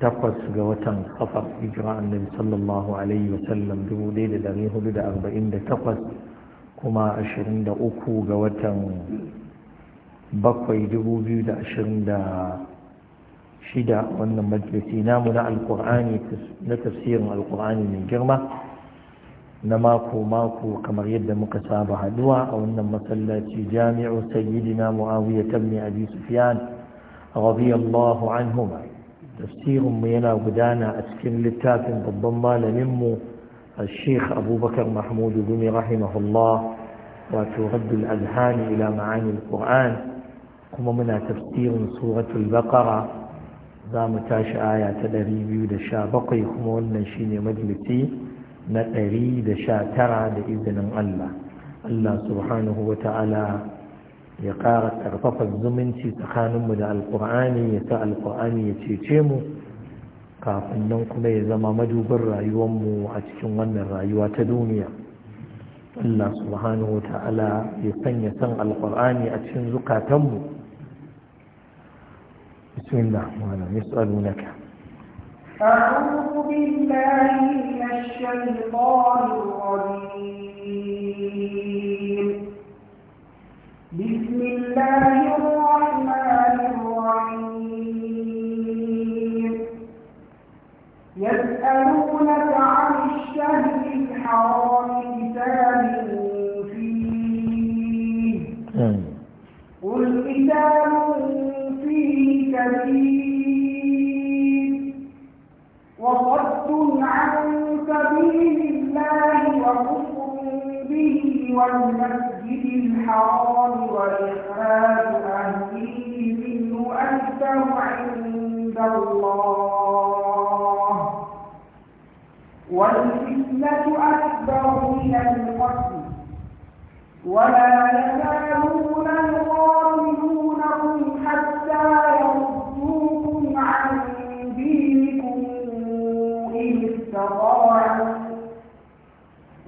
takwas ga watan safar hijira annabi sallallahu alaihi wa sallam, dubu ɗaya da da hudu arba'in da takwas, kuma ashirin da uku ga watan bakwai dubu biyu da da ashirin shida. wannan majalisi namu na alkur'ani na tafsirin alkur'ani mai girma na mako-mako kamar yadda muka saba haduwa a wannan masallaci jami'u sayyidina mu'awiyah ibn abi sufyan radiyallahu anhuma tafsirinmu yana gudana a cikin littafin babban malaminmu الشيخ أبو بكر محمود بن رحمه الله وترد الأذهان إلى معاني القرآن كما منا تفسير سورة البقرة زام تاش آية تدريبي دشا بقي كما ونشين مجلسي نتري دشا ترى بإذن الله الله سبحانه وتعالى ya ƙara ƙarfafa zumunci tsakaninmu da alƙur'ani ya sa alƙur'ani ya cece mu kafin nan kuma ya zama madubin mu a cikin wannan rayuwa ta duniya Allah subhanahu ta'ala ya sanya san alƙur'ani a cikin zukatanmu bismillah wala yas'alunaka أعوذ بالله من الشيطان الرجيم بسم الله الرحمن الرحيم يسألونك عن الشهر الحرام كتاب فيه قل كتاب فيه كثير وصد عن سبيل الله وكفر به والمسجد الحرام وإخراج أهله منه أكثر عند الله والفتنة أكبر من القتل ولا يزالون يقاتلون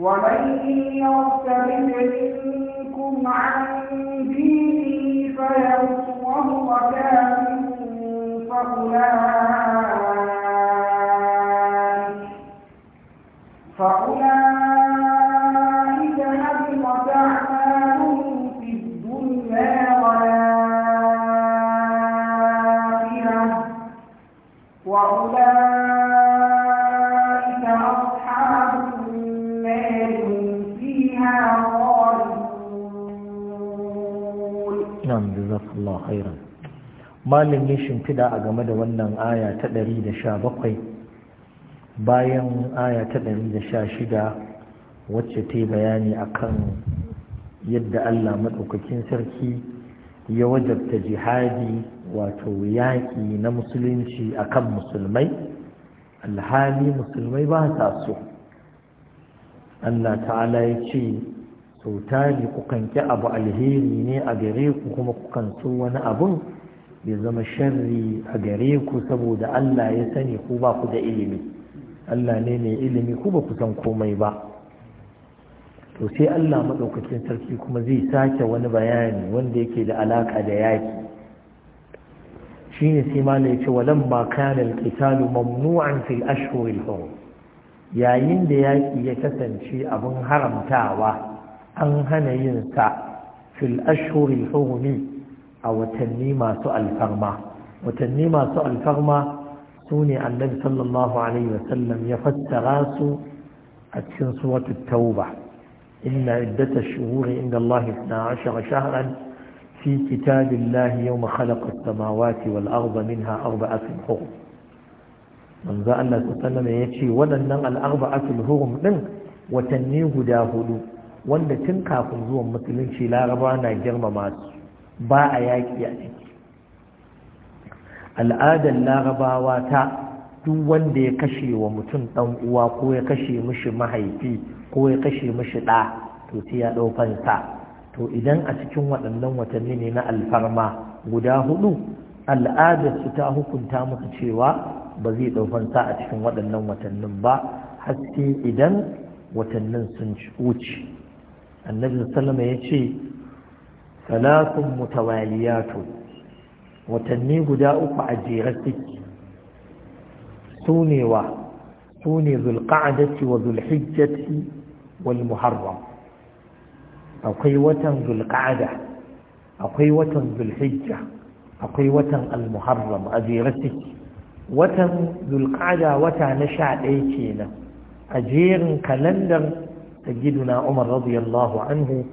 ومن يرتد منكم عن دينه فيمت وهو كافر فأولئك فأولئك هبطت أعمالهم في الدنيا والآخرة وأولئك na'am jazakallahu khairan malin ya shimfida a game da wannan aya ta ɗari da 117 bayan aya ta ɗari da sha shida wacce ta yi bayani akan yadda Allah maɗaukakin sarki ya wajabta jihadi wato yaƙi na musulunci akan musulmai alhali musulmai ba sa so Allah ta'ala ya ce Sauta ne kukan ki abu alheri ne a gare ku kuma kukan so wani abun ya zama sharri a gare ku saboda Allah ya sani ku ba ku da ilimi Allah ne mai ilimi ku ba ku san komai ba to sai Allah maɗaukacin sarki kuma zai sake wani bayani wanda yake da alaƙa da yaki shine sai malai yace ma kana al mamnu'an fil ashhur al-hurum yayin da yaƙi ya kasance abin haramtawa an hana yinsa sa fil ashhuril hurumi a watanni masu alfarma watanni masu alfarma sune annabi sallallahu alaihi wa sallam ya fassara su a cikin suwatu tauba inna iddata shuhuri inda Allah 12 shahran fi kitabillahi yawma khalaqa as-samawati wal arda minha arba'atun hurum manzo Allah sallallahu alaihi wasallam ya ce waɗannan al-arba'atul hurum din watanni guda hudu wanda tun kafin zuwan musulunci laraba na girmama su ba a yaƙi a ciki al'adar larabawa ta duk wanda ya kashe wa mutum ɗan uwa ko ya kashe mishi mahaifi ko ya kashe mishi ɗa to sai ya ɗau to idan a cikin waɗannan watanni ne na alfarma guda hudu al'adar su ta hukunta musu cewa ba zai ɗau a cikin waɗannan watannin ba haske idan watannin sun wuce annabi sallama ya ce salatun mutawaliyatu watanni guda uku a jere suke su wa su ne zulqa'adati wa zulhijjati wal akwai watan zulqa'ada akwai watan zulhijja akwai watan al a jere watan zulqa'ada wata na sha ɗaya kenan a jerin kalandar سيدنا عمر رضي الله عنه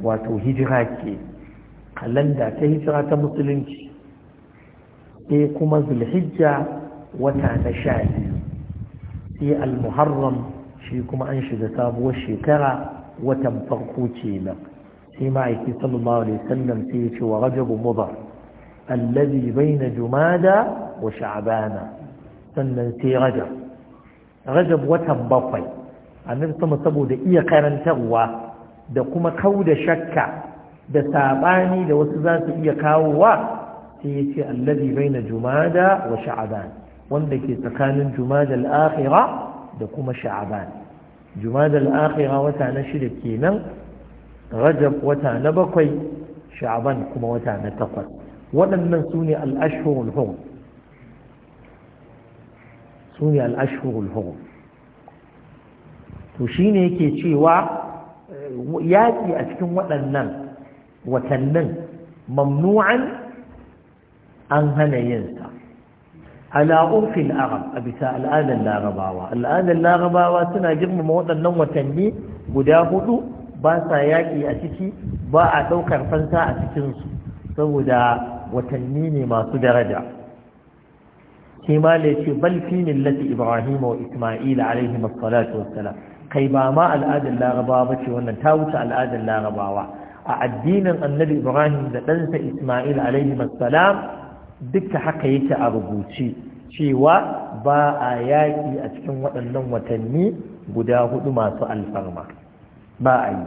وتوهي جغاكي قال لن دا تهجغة مسلمك ايكما ذو الحجة وتانشاد في المحرم شيكما انشد سابو الشكرة وتنفقو تيلك في يكي صلى الله عليه وسلم فيه ورجب مضر الذي بين جمادى وشعبانا سنن في رجب رجب وتنبطي annabi sama saboda iya karantarwa da kuma kauda da shakka da saɓani da wasu za su iya kawowa sai ya ce allazi baina jumada wa sha'aban wanda ke tsakanin jumada al-akhira da kuma sha'aban jumada al a wata na shida kenan rajab wata na bakwai sha'aban kuma wata na takwas waɗannan su ne al-ashhurul hurum su ne al-ashhurul hurum to shi ne yake cewa eh, yaƙi a cikin waɗannan watannin mamnu'an an hana yinsa ala urfin arab a bisa al'adar larabawa al'adar larabawa suna girmama waɗannan watanni guda hudu ba sa yaƙi a ciki ba a ɗaukar fansa a cikinsu saboda watanni ne masu daraja shi ma ce bal millati ibrahim wa isma'il alaihi salatu wassalam kai ba ma al'adar larabawa ba ce wannan ta wuce al'adar larabawa a addinin annabi ibrahim da ɗansa ismail alaihi masalam duka haka yake a rubuce cewa ba a yaƙi a cikin waɗannan watanni guda hudu masu alfarma ba a yi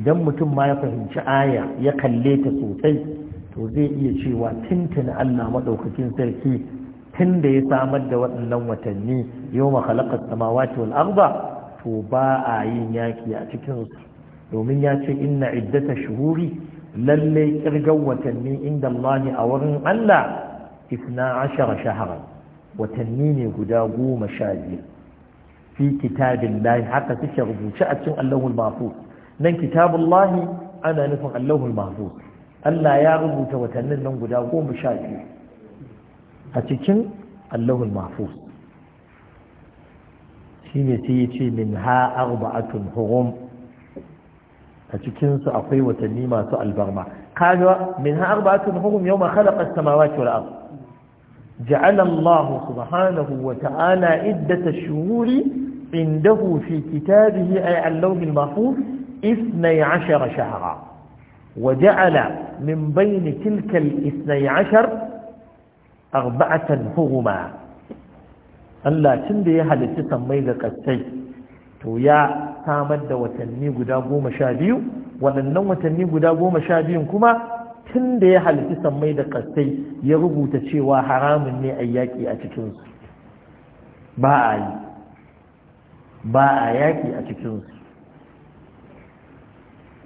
idan mutum ma ya fahimci aya ya kalle ta sosai to zai iya cewa tuntuna allah maɗaukakin sarki tun da ya samar da waɗannan watanni yau ma halakar samawati wal arba to ba a yin yaki a cikin domin ya ce inna iddata shuhuri lalle kirgan watanni inda Allah a wurin Allah isna ashara shahara watanni ne guda goma sha biyu fi kitabin lahi haka suke rubuce a cikin Allahul nan kitabun lahi ana nufin Allahul Mahfuz Allah ya rubuta watannin nan guda goma sha biyu a cikin allahul mahfuz shi ne sai ya ce min ha arba'atun hurum a cikinsu akwai watanni masu albarma kaga min ha arba'atun hurum yau ma khalaqa samawati wal ard ja'ala Allah subhanahu wa ta'ala iddata shuhuri indahu fi kitabihi ay allahul mahfuz 12 shahra وجعل من بين تلك الاثني عشر arba'atan huruma Allah tun da ya halitta sammai da kasai to ya samar da watanni guda goma sha biyu waɗannan watanni guda goma sha biyun kuma tun da ya halitta sammai da kasai ya rubuta cewa haramun ne a yaƙi a cikinsu ba a yi ba a yaƙi a cikinsu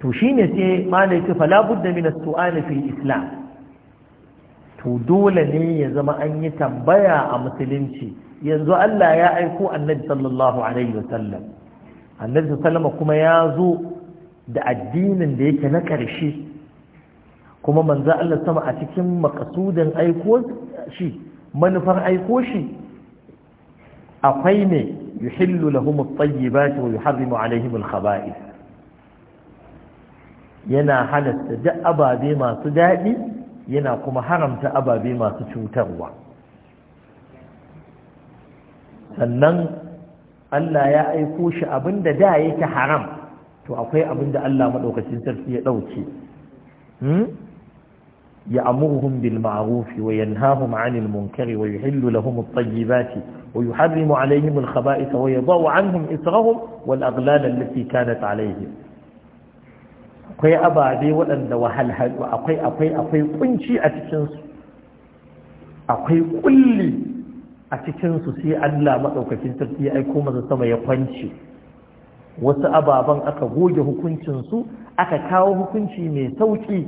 to shi ne sai malaiti falabudda minas su'ani fi islam to dole ne ya zama an yi tambaya a musulunci yanzu Allah ya aiko annabi sallallahu alaihi wasallam annabi sallama kuma ya zo da addinin da yake na ƙarshe kuma manzo Allah sama a cikin makasudin aiko shi manufar aiko shi akwai ne yuhillu lahum at-tayyibati wa yuharrimu alaihim al-khaba'ith yana halasta duk ababe masu daɗi yana kuma haramta ababe masu cutarwa sannan Allah ya aiko shi abinda da yake haram to akwai abinda Allah maɗaukacin sarfi ya ɗauke hmm? ya amurhun bil ma'arufi wa yanhahum 'anil munkari wa yuhillu lahum at-tayyibati wa yuharrimu 'alayhim al-khaba'itha wa yadhaw 'anhum israhum wal aghlala allati kanat 'alayhim akwai ababe waɗanda wahalhalu akwai akwai akwai kunci a cikinsu akwai kulli a cikinsu sai Allah maɗaukakin sarki ya aiko masa sama ya kwanci wasu ababen aka goge hukuncinsu aka kawo hukunci mai sauƙi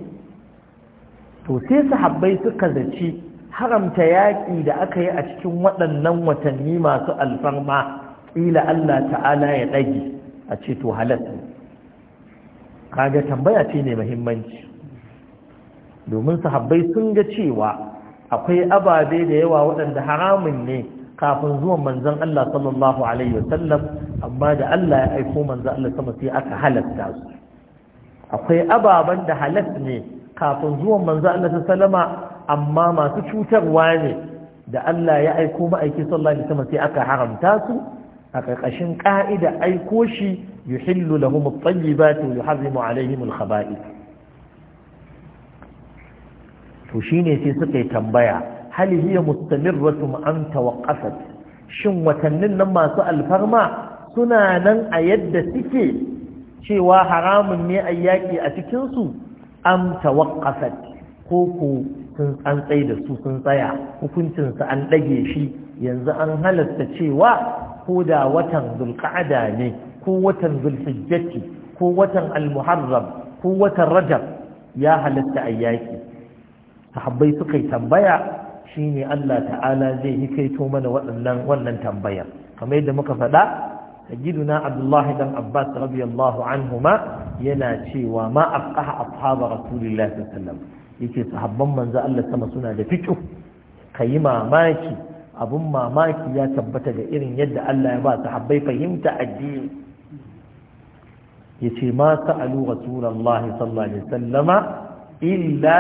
to sai sahabbai suka zaci haramta yaƙi da aka yi a cikin waɗannan watanni masu alfarma ƙila Allah ta'ala ya ɗage a ce to halatta kaga tambaya ce ne muhimmanci domin sahabbai sun ga cewa akwai ababe da yawa waɗanda haramun ne kafin zuwan manzan Allah sallallahu alaihi wasallam amma da Allah ya aiko manzon Allah sama sai aka halatta su akwai ababen da halas ne kafin zuwan manzon Allah sallama amma masu cutarwa ne da Allah ya aiko ma'aiki sallallahu alaihi wasallam sai aka haramta su a ƙarƙashin ƙa'ida aiko shi yuhillu lahum at-tayyibati wa yuharrimu alaihim al-khaba'ith to shine sai suka yi tambaya hal hiya mu am tawaqqafat shin watannin nan masu alfarma suna nan a yadda suke cewa haramun ne a yaƙi a cikin su am tawaqqafat ko ko sun an tsaye da su sun tsaya hukuncinsu an dage shi yanzu an halatta cewa ko da watan zulqa'ada ne ko watan zulhijjati ko watan almuharram ko watan rajab ya halatta yaƙi sahabbai suka yi tambaya shi ne Allah ta'ala zai yi kaito mana waɗannan wannan tambayar kamar yadda muka faɗa سيدنا na Abdullahi dan Abbas رضي الله عنهما yana cewa ma a ashabu rasulillahi sallallahu alaihi wasallam yake sahabban manzo Allah sama suna da ka yi mamaki abun mamaki ya tabbata ga irin yadda Allah ya ba sahabbai fahimta addini yace ma sa'alu rasulullahi sallallahu alaihi wasallama illa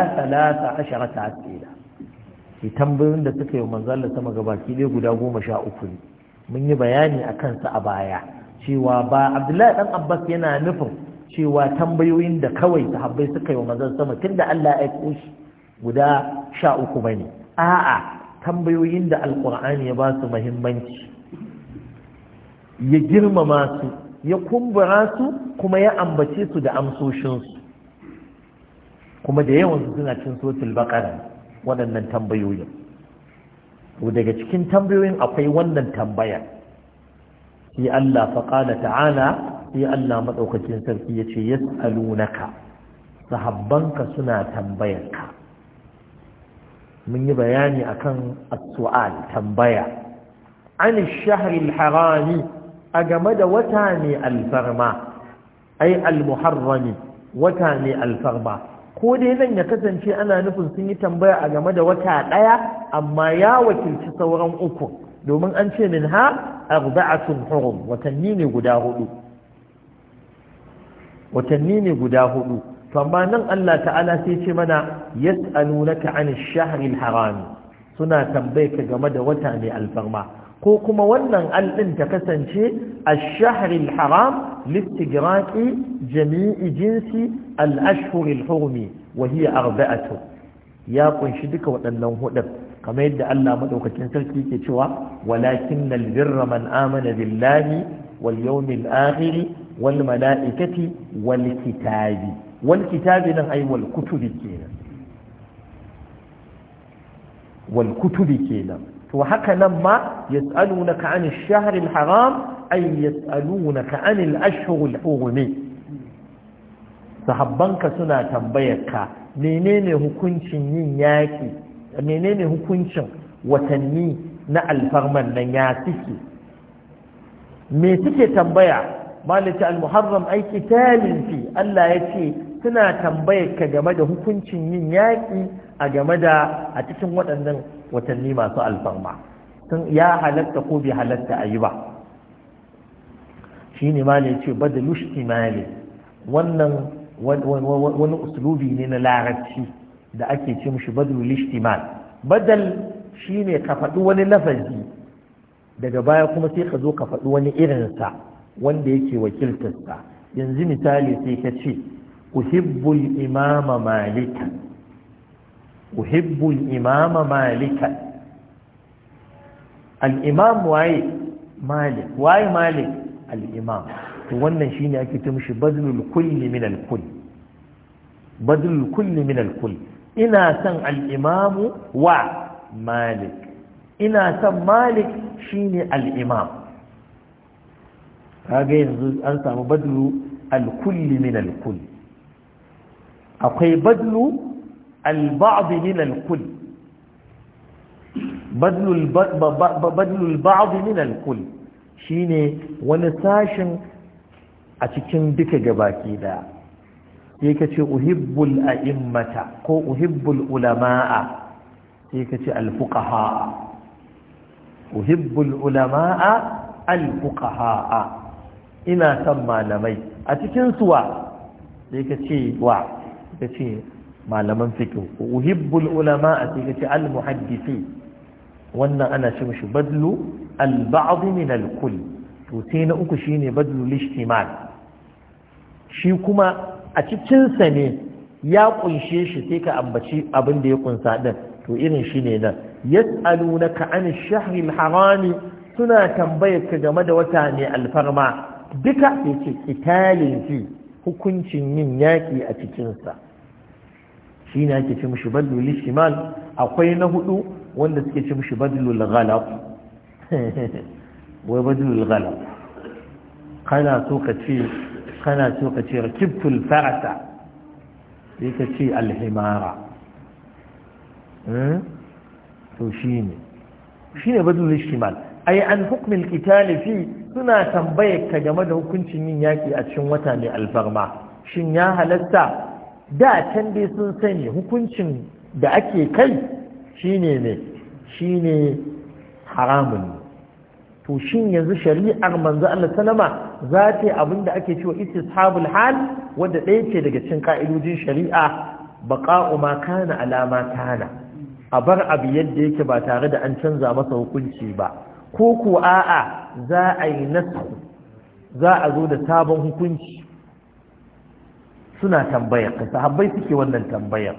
13 asila ki tambayoyin da suka yi manzo Allah sama ga baki dai guda uku ne mun yi bayani a kansa a baya cewa ba Abdullahi ɗan Abbas yana nufin cewa tambayoyin da kawai sahabbai suka yi wa manzo sama da Allah ya guda sha uku ba bane a'a tambayoyin da alkur'ani ya ba su mahimmanci ya girmama su ya kumbura su kuma ya ambace su da amsoshinsu kuma da yawansu suna cin sotil bakara waɗannan tambayoyin daga cikin tambayoyin akwai wannan tambaya sai Allah faƙala ta'ala sai Allah maɗaukacin sarki ya ce yas'alunaka sahabbanka suna tambayarka mun yi bayani akan as-su'al tambaya an ash-shahr al-harami a game da wata ne alfarma ai al-muharrami wata ne alfarma ko dai nan ya kasance ana nufin sun yi tambaya a game da wata ɗaya, amma ya wakilci sauran uku domin an ce min ha arba'atun hurum watanni ne guda hudu watanni ne guda hudu to nan Allah ta'ala sai ce mana a nuna 'anil shahril haram suna tambaye ka game da wata mai alfarma ko kuma wannan al ta kasance ash-shahril haram listigraqi jami'i jinsi al-ashhuril hurmi wa hiya arba'atu ya kunshi duka waɗannan hudun kamar yadda Allah maɗaukacin sarki ke cewa walakinnal birra man billahi wal yawmil akhir wal mala'ikati wal kitabi wal kitabi nan ai wal kutubi kenan wal kenan to haka nan ma yas'alunaka an ash-shahr al-haram ay yas'alunaka an al-ashhur al-hurum sahabbanka suna tambayarka menene hukuncin yin yaki menene hukuncin watanni na alfarman nan ya suke me suke tambaya malaka al-muharram ai qitalin fi Allah yace suna tambayar ka game da hukuncin yin yaƙi a game da a cikin waɗannan watanni masu alfarma sun ya halatta ko bai halatta a yi ba shi ne ma ne ce ma ne? wannan wani uslubi ne na larabci da ake ce mushi Lushti lishtimal badal shi ne ka faɗi wani lafazi daga baya kuma sai ka zo ka faɗi wani irinsa wanda yake wakiltarsa yanzu misali sai ka ce أحب الإمام مالكا أحب الإمام مالكا الإمام واي مالك واي مالك الإمام وانا شيني أكي تمشي بدل الكل من الكل بدل الكل من الكل إنا سن الإمام و مالك إنا سن مالك شيني الإمام هذا يعني أنت بدل الكل من الكل akwai badlu al-ba'd min al-kull badlu al-ba'd min al-kull wani sashin a cikin duka gabaki daya sai ka ce uhibbul a'immata ko uhibbul ulama'a sai ka ce al-fuqaha uhibbul ulama'a al-fuqaha ina san malamai a cikin suwa sai ka ce wa ka ce malaman fiqh uhibbul ulama a cikin ce al muhaddisi wannan ana ce mishi badlu al ba'd min to sai na uku shine badlu lishtimal shi kuma a cikinsa ne ya kunshe shi sai ka ambaci abin da ya kunsa din to irin shi ne nan yas'alunaka an ash-shahr al-harami suna tambayar ka game da wata ne alfarma duka sai ce kitalin fi hukuncin yin yaki a cikinsa. sa shi ne ake ce mishi badlul shimal akwai na hudu wanda suke ce mishi badlul ghalab wai badlul ghalab kana so ka ce kana so ka ce rakibtul farasa sai ka ce alhimara hmm? to shi ne shi ne badlul shimal ai an hukmin kitali fi suna tambayar ka game da hukuncin yin yaki a cikin wata mai alfarma shin ya halatta da can dai sun sani hukuncin da ake kai shine ne shine haramun to shin yanzu shari'ar manzo Allah sallama za ta abin da ake cewa istishabul hal wanda ɗaya ce daga cikin ka'idojin shari'a baqa'u ma kana alama kana a bar abu yadda yake ba tare da an canza masa hukunci ba ko kuwa a'a za a yi nasu za a zo da sabon hukunci suna tambayar ka sahabbai suke wannan tambayar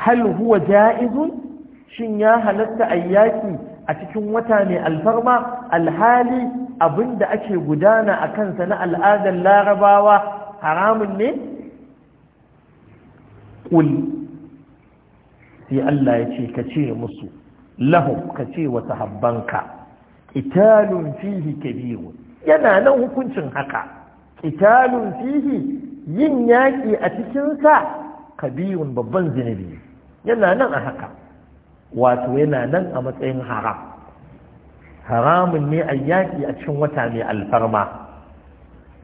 hal huwa ja'izun shin ya halatta ayyaki a cikin wata ne alfarma alhali abinda ake gudana a kansa na al'adar larabawa haramun ne ƙul sai Allah ya ce ka ce musu lahum ka ce wa sahabbanka italun fihi kabiru yana nan hukuncin haka italun fihi yin yaƙi a cikinsa kabirun babban zinubi yana nan a haka wato yana nan a matsayin haram haramun ne a yaƙi a cikin wata mai alfarma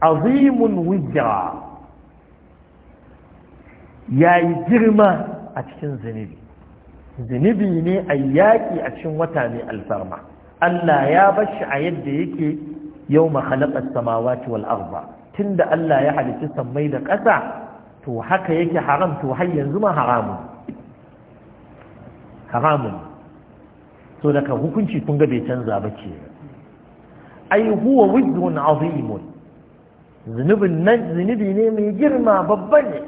azimun wujja ya yi girma a cikin zinubi zinubi ne a yaƙi a cikin wata mai alfarma Allah ya bashi a yadda yake yau ma khalaƙar samawa wal arba tun da Allah ya halitta sammai da ƙasa to haka yake haram to har yanzu ma haramun haramun so daga hukunci kun ga bai canza ba ce ai huwa wujudun azimun zunubin nan zunubi ne mai girma babban ne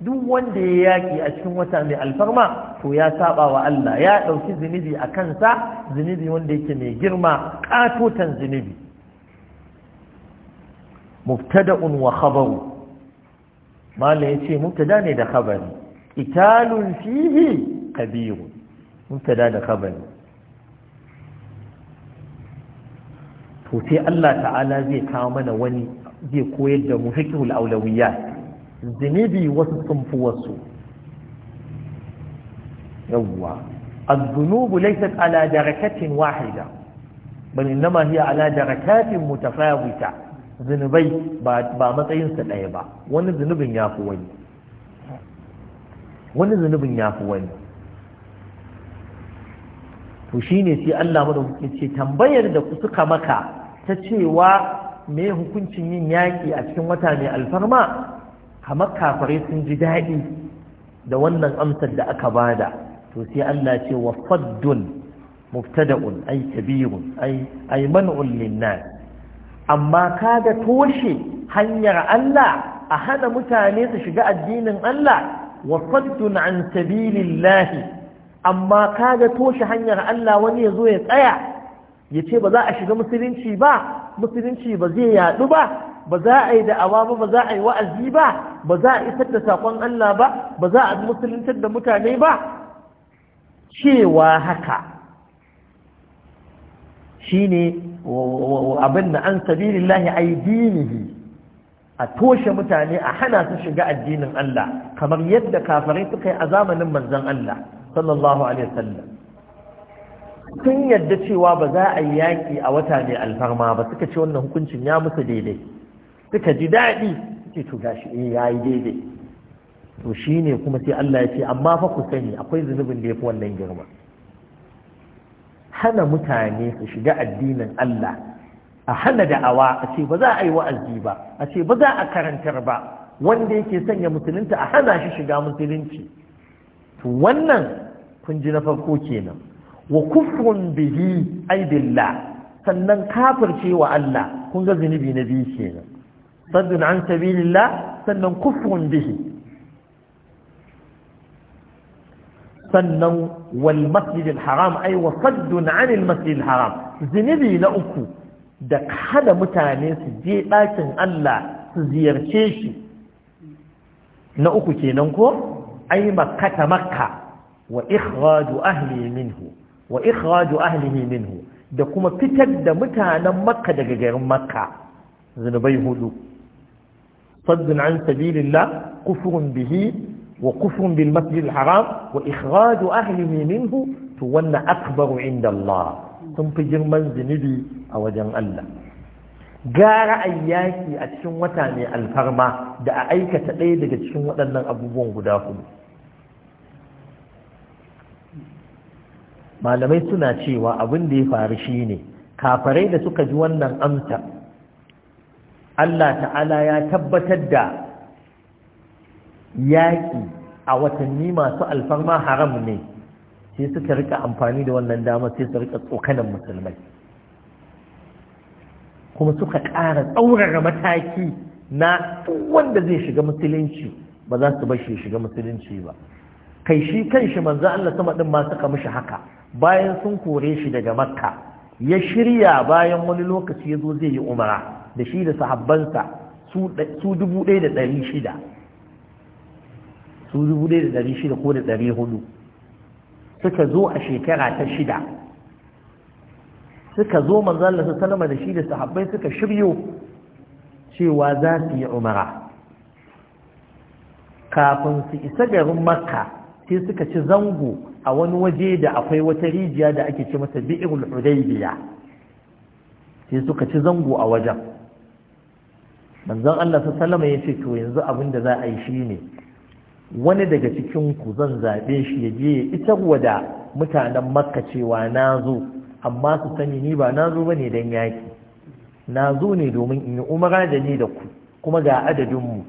duk wanda ya yaƙi a cikin wata mai alfarma to ya saba wa Allah ya ɗauki zunubi a kansa zunubi wanda yake mai girma ƙatotan zunubi mubtada'un wa khabaru ya yace mubtada ne da khabari italun fihi kabiru mubtada da khabari to sai Allah ta'ala zai kawo mana wani zai koyar da mu fiqhul awlawiyat zunubi wasu sun fi wasu yawwa الذنوب ليست على دركة واحدة بل إنما هي على دركات متفاوتة zunubai ba matsayinsa ɗaya ba wani zunubin ya fi wani wani zunubin ya fi wani to shi ne sai Allah madaukakin ce tambayar da suka maka ta cewa me hukuncin yin yaƙi a cikin wata mai alfarma kamar kafare sun ji daɗi da wannan amsar da aka bada to sai Allah ce wa faddun mubtada'un ay kabirun ay ay man'un lin-nas amma kaga toshe hanyar Allah a hana mutane su shiga addinin Allah wa saddun an sabilillahi amma kaga toshe hanyar Allah wani yazo ya tsaya ya ce ba za a shiga musulunci ba musulunci ba zai yadu ba ba za a yi da'awa ba ba za a yi wa'azi ba ba za a isar da sakon Allah ba ba za a musuluntar da mutane ba cewa haka shine abin da an sabilillahi ai dinihi a toshe mutane a hana su shiga addinin Allah kamar yadda kafarai suka yi a zamanin manzon Allah sallallahu alaihi wasallam sun yadda cewa ba za a yi yaƙi a wata mai alfarma ba suka ce wannan hukuncin ya musu daidai suka ji daɗi suke to gashi eh yi daidai to shine kuma sai Allah ya ce amma fa ku sani akwai zunubin da yafi wannan girma hana mutane su shiga addinin Allah a hana da'awa a ce ba za a yi wa'azi ba a ce ba za a karantar ba wanda yake sanya musulunta a hana shi shiga musulunci to wannan kun ji na farko kenan wa kufrun bihi aidilla sannan kafirce wa Allah kun ga zunubi na biyu kenan saddun an sabilillah sannan kufrun bihi sannan wal masjidil haram ai wa saddun anil masjidil haram zunubi na uku da hada mutane su je ɗakin Allah su ziyarce shi na uku kenan ko ai makkata makka wa ikhraju ahli minhu wa ikhraju ahlihi minhu da kuma fitar da mutanen makka daga garin makka zinubai hudu saddun an sabilillah kufurun bihi وكفر بالمسجد الحرام وإخراج أهله منه تولى أكبر عند الله ثم في جرمان زنبي أو جن الله gara a yaki a cikin wata mai alfarma da a aikata ɗaya daga cikin waɗannan abubuwan guda hudu malamai suna cewa abin da ya faru shi ne kafarai da suka ji wannan amsa Allah ta'ala ya tabbatar da yaƙi a watanni masu alfarma haram ne sai suka rika amfani da wannan dama sai su rika tsokanan musulmai kuma suka ƙara tsaurara mataki na wanda zai shiga musulunci ba za su bashi shiga musulunci ba kai shi kan shi manzo Allah sama din ma suka mishi haka bayan sun kore shi daga makka ya shirya bayan wani lokaci ya zo zai yi umara da shi da sahabbansa su dubu ɗaya da ɗari shida su shida ko da hudu suka zo a shekara ta shida suka zo manzalla su sanama da shi da sahabbai suka shiryo cewa za su yi umara kafin su isa garin makka sai suka ci zango a wani waje da akwai wata rijiya da ake ce masa bi'irul hudaybiya sai suka ci zango a wajen manzon Allah sallallahu alaihi wasallam ya ce to yanzu abin da za a yi shine wani daga cikin ku zan zaɓe shi ya je ya itarwa da mutanen makka cewa na zo amma su sani ni ba na zo ba ne don yaƙi na zo ne domin in yi umara da ni da ku kuma ga adadinmu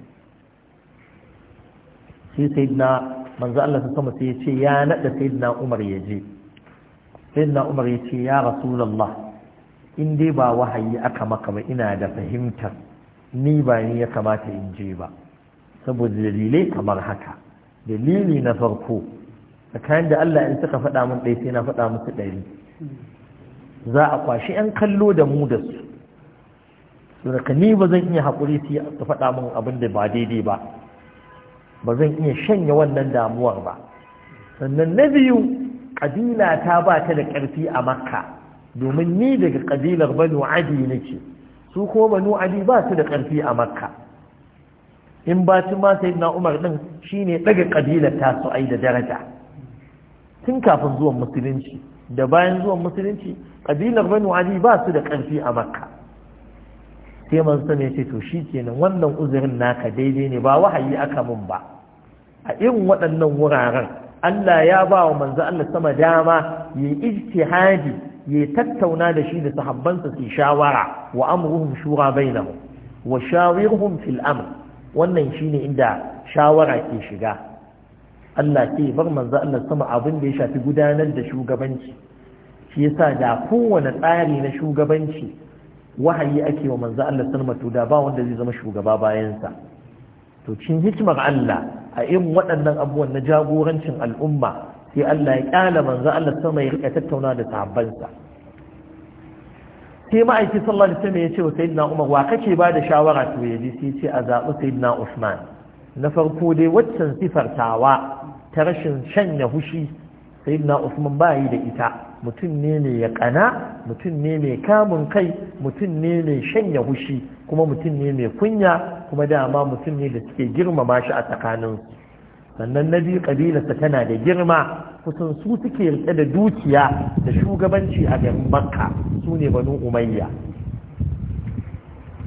sai sai na manzo Allah sama sai ya ce ya naɗa sai na umar ya je sai na umar ya ce ya rasulallah in dai ba wahayi aka maka ba ina da fahimtar ni ba ni ya kamata in je ba saboda dalilai kamar haka dalili na farko tsakanin da Allah in suka faɗa mun ɗaya sai na faɗa musu ɗari za a kwashi 'yan kallo da mu da su saboda ni ba zan iya haƙuri su faɗa mun abin da ba daidai ba ba zan iya shanya wannan damuwar ba sannan na biyu ƙabila ta ba ta da ƙarfi a makka domin ni daga ƙabilar banu adi nake su ko banu adi ba su da ƙarfi a makka in ba ci ma sai na umar ɗin shi ne ɗaga ƙabilar tasu ai da daraja tun kafin zuwan musulunci da bayan zuwan musulunci ƙabilar banu ali ba su da ƙarfi a makka sai manzo ne ce to shi kenan wannan uzurin naka daidai ne ba wahayi aka mun ba a irin waɗannan wuraren Allah ya ba wa manzo Allah sama dama yi ijtihadi ya tattauna da shi da sahabbansa su shawara wa amruhum shura bainahum wa shawirhum fil amr wannan shine inda shawara ke shiga Allah ke bar manzo Allah sama abin da ya shafi gudanar da shugabanci shi yasa da kowane tsari na shugabanci wahayi ake wa manzo Allah sama to da ba wanda zai zama shugaba bayansa to cin hikimar Allah a irin waɗannan abubuwan na jagorancin al'umma sai Allah ya kyala manzo Allah sama ya rika tattauna da sahabbansa sai ma'aiki sallallahu alaihi wasallam ya ce wa sayyidina Umar wa kake ba da shawara to yaji sai ya ce a zaɓi sayyidina Usman na farko dai waccan sifartawa ta rashin shanya hushi sayyidina Usman ba yi da ita mutum ne mai ya kana mutum ne mai kamun kai mutum ne mai shanya hushi kuma mutum ne mai kunya kuma dama mutum ne da suke girmama shi a tsakanin sannan na biyu kabilarsa tana da girma kusan su suke rike da dukiya da shugabanci a garin makka su ne banu umayya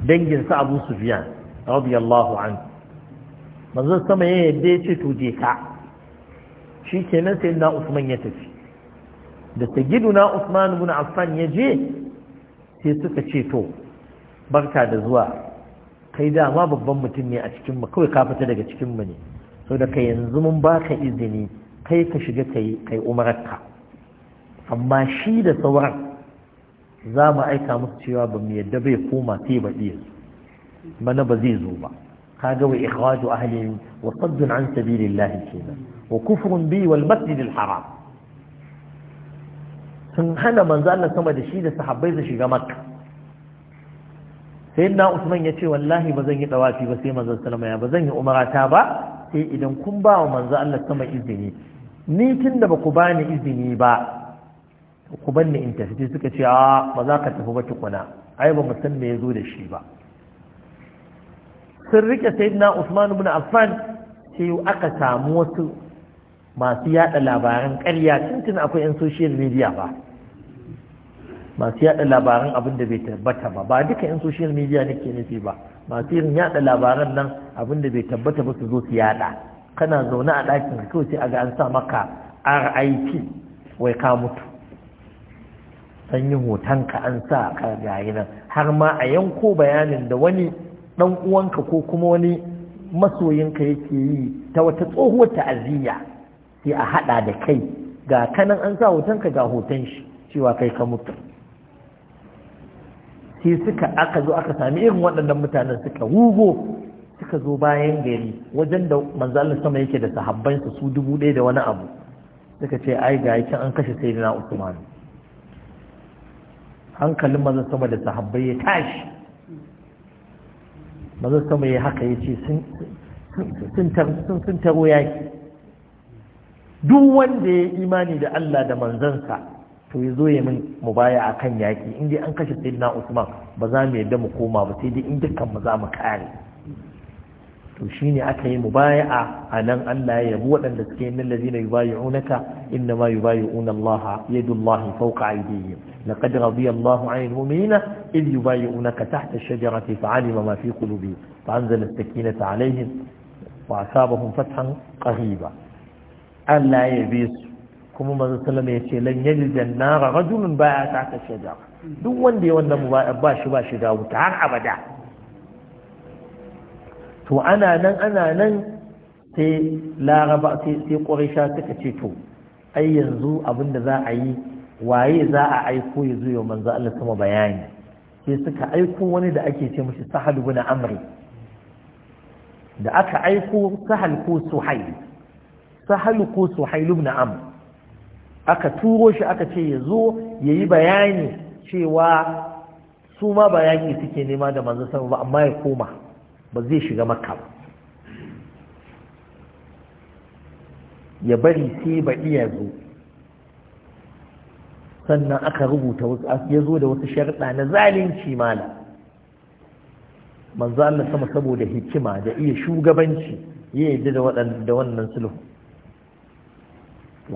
danginsa abu sufiyan radiyallahu an manzon sama ya yadda ya ce to je ka shi kenan sai na usman ya tafi da na usman ibn affan ya je sai suka ce to barka da zuwa kai dama babban mutum ne a cikin mu kawai ka fita daga cikin mu ne so da yanzu mun baka izini kai ka shiga kai kai umararka amma shi da sauran za mu aika musu cewa ba mu yadda bai koma sai ba iya mana ba zai zo ba kaga wa ikhraju ahli wa saddun an sabilillah kenan wa kufrun bi wal masjid al haram sun hana manzo Allah sama da shi da sahabbai su shiga makka sai na usman ya ce wallahi ba zan yi dawafi ba sai manzo sallama ya ba zan yi umarata ba sai idan kun ba wa manzo Allah sama izini ni tun da ba ku bani izini ba ku banni in tafi suka ce a ba za ka tafi ba tukuna ai ba san me ya zo da shi ba sun rike sayyidina Usman ibn Affan sai aka samu wasu masu yada labaran ƙarya tun akwai yan social media ba masu yada labaran abin da bai tabbata ba ba duka yan social media nake nufi ba masu yin yada labaran nan abin da bai tabbata ba su zo su yada kana zaune a ɗakin ka kawai sai a ga an sa maka RIP wai ka mutu an yi hotonka an sa ka gayi nan har ma a yanko bayanin da wani ɗan uwanka ko kuma wani masoyinka yake yi ta wata tsohuwar ta'aziyya sai a haɗa da kai ga kanan an sa hotonka ga hoton shi cewa kai ka mutu sai suka aka zo aka sami irin waɗannan mutanen suka rugo suka zo bayan gari wajen da manzalin sama yake da sahabbansa su dubu ɗaya da wani abu suka ce ai ga yake an kashe na Usman hankalin manzalin sama da sahabbai ya tashi manzalin sama ya haka ya ce sun sun sun taro yaki duk wanda ya imani da Allah da manzansa to ya zo ya min mu baya a kan yaƙi in an kashe na Usman ba za mu yadda mu koma ba sai dai in dukkan mu za mu kare to shine aka yi mubaya'a a nan Allah ya yabi waɗanda suke na allazina yubayi'unaka inna ma yubayi'una Allah yadullahi fawqa aydihim laqad radiya Allah 'anil mu'minina ta yubayi'unaka tahta ash-shajarati fa'alima ma fi qulubihim fa'anzala as-sakinata 'alayhim wa asabahum fathan qariba Allah ya yabi su kuma manzo sallama ya ce lan yajid an rajulun baya ta ta shajara duk wanda ya wannan ba shi ba shi da wuta har abada to ana nan ana nan sai laraba sai ƙorisha suka ce to ai yanzu abin da za a yi waye za a aiko ya zuwa manzo Allah sama bayani sai suka aiko wani da ake ce mishi sahal bin amri da aka aiko sahal ko suhail sahal ko suhail bin amr aka turo shi aka ce ya zo ya yi bayani cewa su ma bayani suke nema da manzo sama ba amma ya koma ba zai shiga maka ba ya bari sai ba iya zo sannan aka rubuta wasu ya zo da wasu sharɗa na zalunci mala manzo Allah sama saboda hikima da iya shugabanci ya yi da wannan sulhu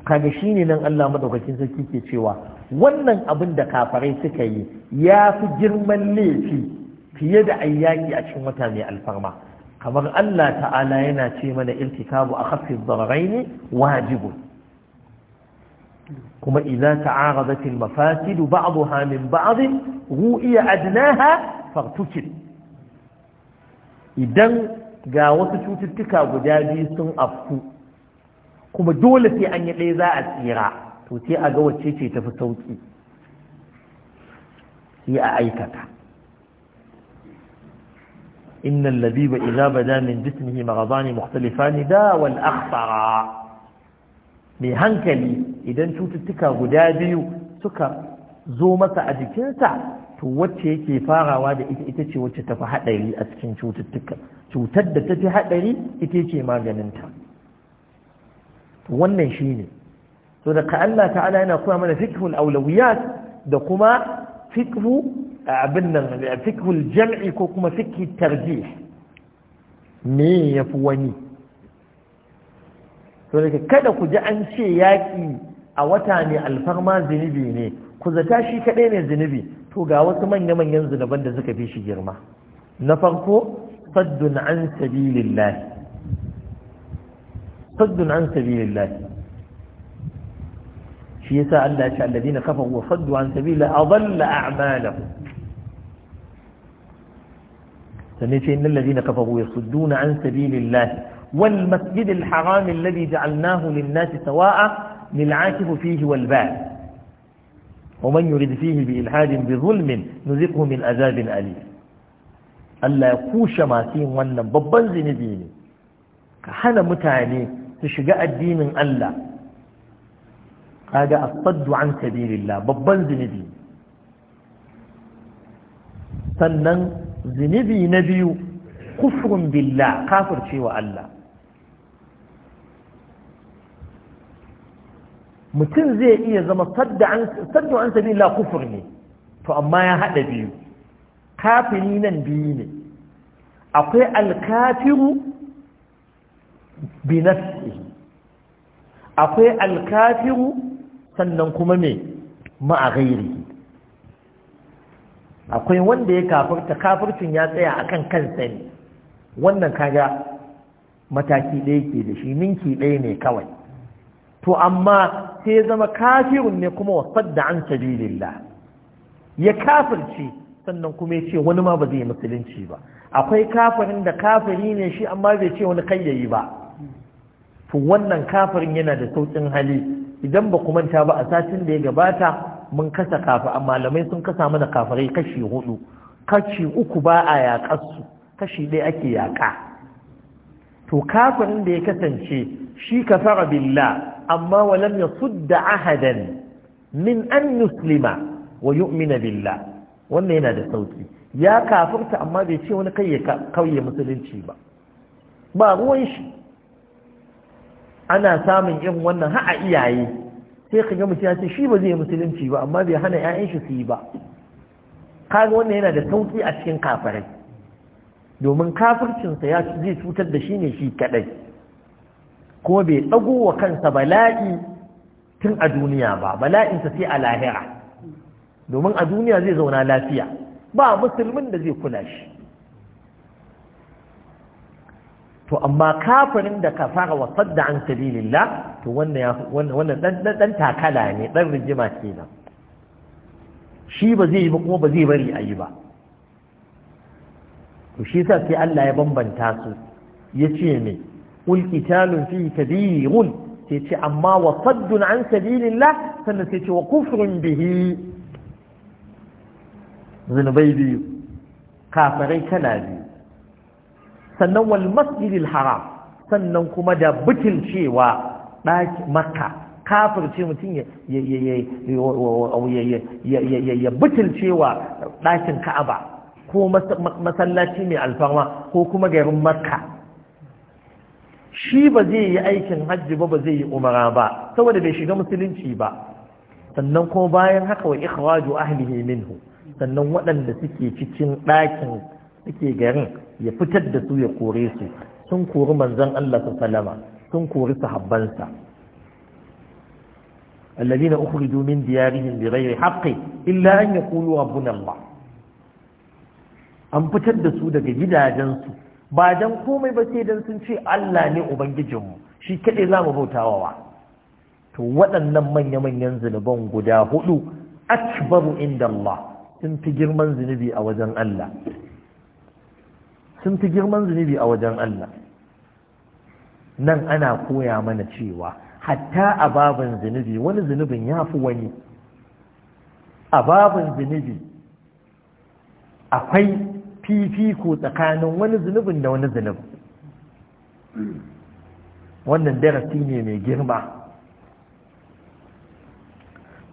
kaga shi shine nan Allah madaukakin sarki ke cewa wannan abin da kafarai suka yi ya fi girman laifi fiye da ayyaki a cikin wata mai alfarma kamar Allah ta'ala yana ce mana irtikabu akhaffiz dararain wajibu, kuma idza ta'aradat al mafasid ba'daha min ba'd ru'iya adnaha fartukin, idan ga wasu cututtuka guda biyu sun afku kuma dole sai an yi ɗaya za a tsira to sai a ga wacce ce tafi sauki sai a aikata Innan اللبيب إذا بدا من جسمه مغضان مختلفان دا والأخطر mai hankali idan cututtuka guda biyu suka zo masa a jikinsa to wacce yake farawa da ita ita ce wacce tafi haɗari a cikin cututtuka cutar da tafi haɗari ita ce maganinta wannan shi ne so daga Allah ta'ala yana koya mana fikhul aulawiyat da kuma fikhu abin nan a fikul jam'i ko kuma fikki tarji me ya fi wani to da kada ku ji an ce yaƙi a wata ne alfarma zunubi ne ku zata shi kaɗai ne zunubi to ga wasu manya-manyan zunuban da suka fi shi girma na farko saddun an sabilillah saddun an sabilillah shi yasa Allah ya ce alladina kafaru wa saddu an sabilillah adalla a'malahum سمعتي إن الذين كفروا يصدون عن سبيل الله والمسجد الحرام الذي جعلناه للناس سواء للعاكف فيه والبال ومن يرد فيه بإلحاد بظلم نذقه من أذاب أليم ألا يقوش ما سين ونم ببنزن ديني كحنا متعني تشجع الدين ألا هذا الصد عن سبيل الله ببنزن ديني سنن zunubi na biyu kufrun billah kafircewa Allah mutum zai iya zama sadda an sabi la kufur ne to amma ya haɗa biyu kafiri nan biyu ne akwai alkafiru bi nafsihi akwai alkafiru sannan kuma me ma'a gairi akwai wanda ya kafirta kafircin ya tsaya akan kansa ne wannan kaga mataki ɗaya ke da shi ninki ɗaya ne kawai to amma sai ya zama kafirun ne kuma wasad da an sabilillah ya kafirci sannan kuma ya ce wani ma ba zai musulunci ba akwai kafirin da kafiri ne shi amma bai ce wani kai yayi ba to wannan kafirin yana da saukin hali idan ba ku manta ba a satin da ya gabata mun kasa kafa malamai sun kasa mana kafarai kashi hudu kashi uku ba a yaƙarsu kashi ɗaya ake yaƙa to kafirin da ya kasance shi kafara billa, amma walam ya sudda ahadan min an muslima wa yu'mina billah wannan yana da sauki ya kafarta, amma bai ce wani kai kauye musulunci ba ba ruwan shi ana samun irin wannan ha'a iyaye sai ka ga mutum ya ce shi ba zai yi musulunci ba amma bai hana 'ya'yan shi su yi ba kaga wannan yana da sauki a cikin kafirai domin kafircinsa ya zai cutar da shi ne shi kaɗai. Ko bai dago wa kansa bala'i tun a duniya ba bala'insa sai a lahira domin a duniya zai zauna lafiya ba musulmin da zai kula shi to amma kafirin da fara wa sadda an sabilillah to wannan dan takala ne dan rijima kenan shi ba zai yi ba kuma ba zai bari a yi ba to shi sa sai Allah ya bambanta su yace ne ul qitalun fi kabirun sai ce amma wa saddun an sabilillah sannan sai ce wa kufrun bihi zunubai biyu kafirai kana biyu sannan wal masjidil haram sannan kuma da cewa daki makka ce mutum ya ya cewa ɗakin ka'aba ko masallaci mai alfarma ko kuma garin makka shi ba zai yi aikin hajji ba ba zai yi umara ba saboda bai shiga musulunci ba sannan kuma bayan haka wa ikhraju ahlihi minhu sannan waɗanda suke cikin ɗakin suke garin ya fitar da su ya kore su sun kori manzon Allah salama, sun kori sahabbansa الذين أخرجوا من ديارهم بغير حق إلا أن يقولوا ربنا الله an fitar da su daga gidajensu ba don komai ba sai don sun ce Allah ne Ubangijinmu shi kaɗai za mu bautawa wa to waɗannan manya-manyan zunuban guda hudu akbaru inda Allah sun fi girman zunubi a wajen Allah sun fi girman zunubi a wajen Allah nan ana koya mana cewa hatta a babin zunubi wani zunubin ya fi wani a babin zunubi akwai fifiko tsakanin wani zunubin da wani zunubin wannan darasi ne mai girma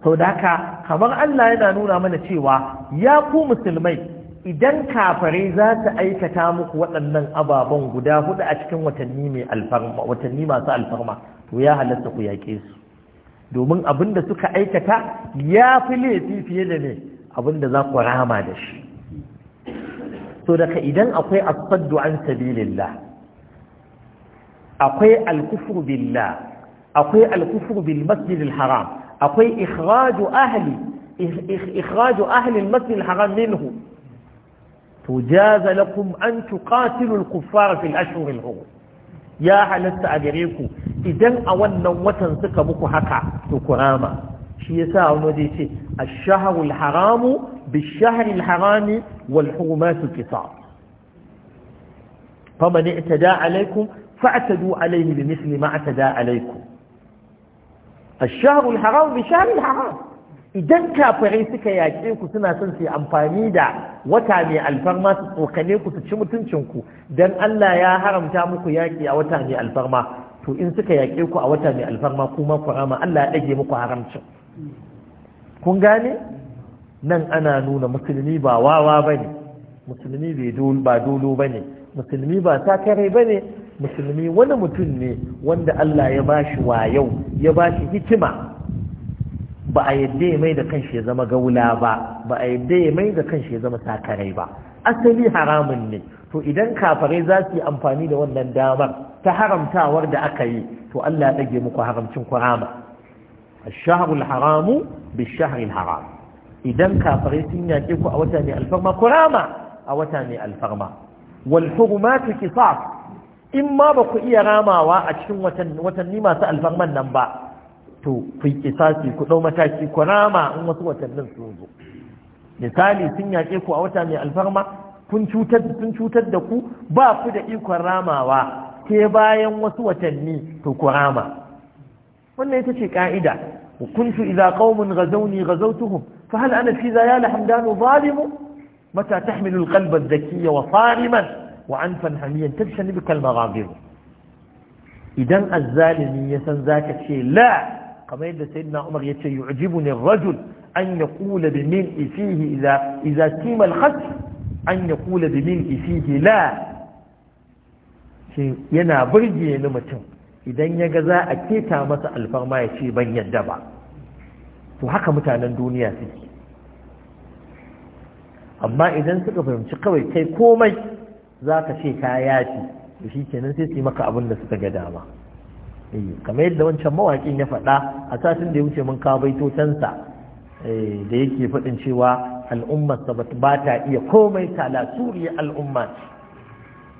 sau da haka kamar Allah yana nuna mana cewa ya ku musulmai idan kafare za ta aikata muku waɗannan ababen guda hudu a cikin watanni mai alfarma watanni masu alfarma to ya halatta ku yaƙe su domin abin da suka aikata ya fi laifi fiye da ne abin da za ku rama da shi so daga idan akwai asaddu an sabilillah akwai alkufur billah akwai alkufur bil masjidil haram akwai ikhraju ahli ikhraju ahli masjidil haram minhu تجاز لكم أن تقاتلوا الكفار في الأشهر الغور يا هل أجريكم إذن أولا وتنسك بك حكا تكراما شيء ساعون وديتي الشهر الحرام بالشهر الحرام والحرمات الكتاب فمن اعتدى عليكم فاعتدوا عليه بمثل ما اعتدى عليكم الشهر الحرام بشهر الحرام idan kafirai suka yaƙe ku suna son su yi amfani da wata mai alfarma su tsokane ku su ci mutuncinku don Allah ya haramta muku yaƙi a wata mai alfarma to in suka yaƙe ku a wata mai alfarma kuma ku rama Allah ya ɗage muku haramcin kun gane nan ana nuna musulmi ba wawa ba ne musulmi ba dolo ba ne musulmi ba takare ba ne musulmi wani mutum ne wanda Allah ya ba shi wayau ya ba shi hikima ba a yadda ya mai da kanshi ya zama gaula ba ba a yadda ya mai da kanshi ya zama sakarai ba asali haramun ne to idan kafarai za su yi amfani da wannan damar ta haramtawar da aka yi to Allah ya ɗage muku haramcin kurama shahrul haramu بالشهر الحرام idan kafare sun yake ku a wata ne alfarma kurama a wata mai alfarma wal hurumatu qisas in ma ba ku iya ramawa a cikin watanni masu alfarman nan ba to ku kisasi ku ɗau mataki ku rama in wasu watannin sun zo misali sun yaƙe ku a wata mai alfarma kun cutar sun cutar da ku ba ku da ikon ramawa ke bayan wasu watanni to ku rama wannan ita ce ƙa'ida kuntu idza qaumun ghazawni ghazawtuhum fa hal ana fi zayal hamdanu zalimu mata tahmilu alqalba adh-dhakiyya wa sariman wa anfan hamiyan tajtanibuka al idan azzalimi ya san zaka ce la kamar yadda sayyidina Umar ya ce yu'jibuni ar-rajul an kula da min isihi iza, idza qima al-khat an yaqula min isihi la ce yana burge ni mutum idan ya ga za a keta masa alfarma ya ce ban yadda ba to haka mutanen duniya suke amma idan suka fahimci kawai kai komai za ka ce ka yafi da shi kenan sai su yi maka abin da suka ga dama Eh, kamar yadda wancan mawaƙin ya faɗa a satin da ya wuce mun kawo baitotansa eh, da yake faɗin cewa al'ummarsa ba ta iya komai talasuriyar al'umma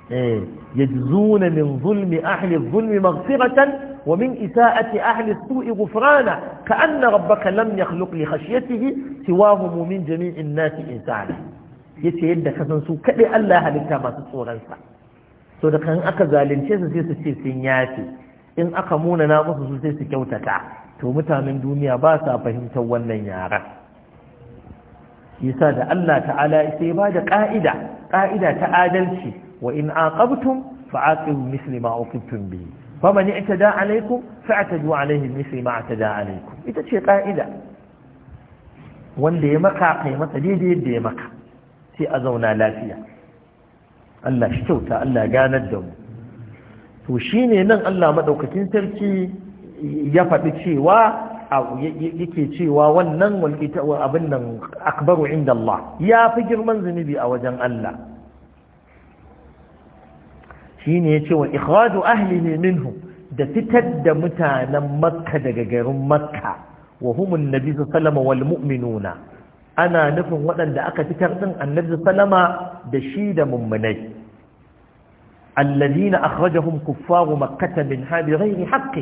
ce eh, ya zuna min zulmi ahli zulmi maghfiratan wa min isa'ati ahli su'i gufrana ka anna rabbaka lam yakhluq li khashyatihi siwahu min jami'in nasi insana yace yadda ka san su kadai Allah halitta masu tsoron sa so da kan aka zalunce su sai su ce sun yafe in aka munana musu su sai su kyautata to mutanen duniya ba sa fahimtar wannan yaran yasa da Allah ta'ala sai ba da ƙa'ida, ƙa'ida ta adalci wa in aqabtum fa'aqibu misli ma uqibtum bi faman i'tada alaykum fa'tadu alayhi misli ma i'tada alaykum ita ce ƙa'ida. wanda ya maka kai masa daidai yadda ya maka sai a zauna lafiya Allah shi kyauta Allah ganar da mu to shi ne nan Allah maɗaukacin sarki ya faɗi cewa yake cewa wannan walƙita abin nan akbaru inda Allah ya fi girman zunubi a wajen Allah shi ne ya ce wa ahli ne minhu da fitar da mutanen makka daga garin makka wa humun nabi salama wal mu'minuna ana nufin waɗanda aka fitar ɗin annabi Salama da shi da mummunai الذين اخرجهم كفار مكه من هذه غير حق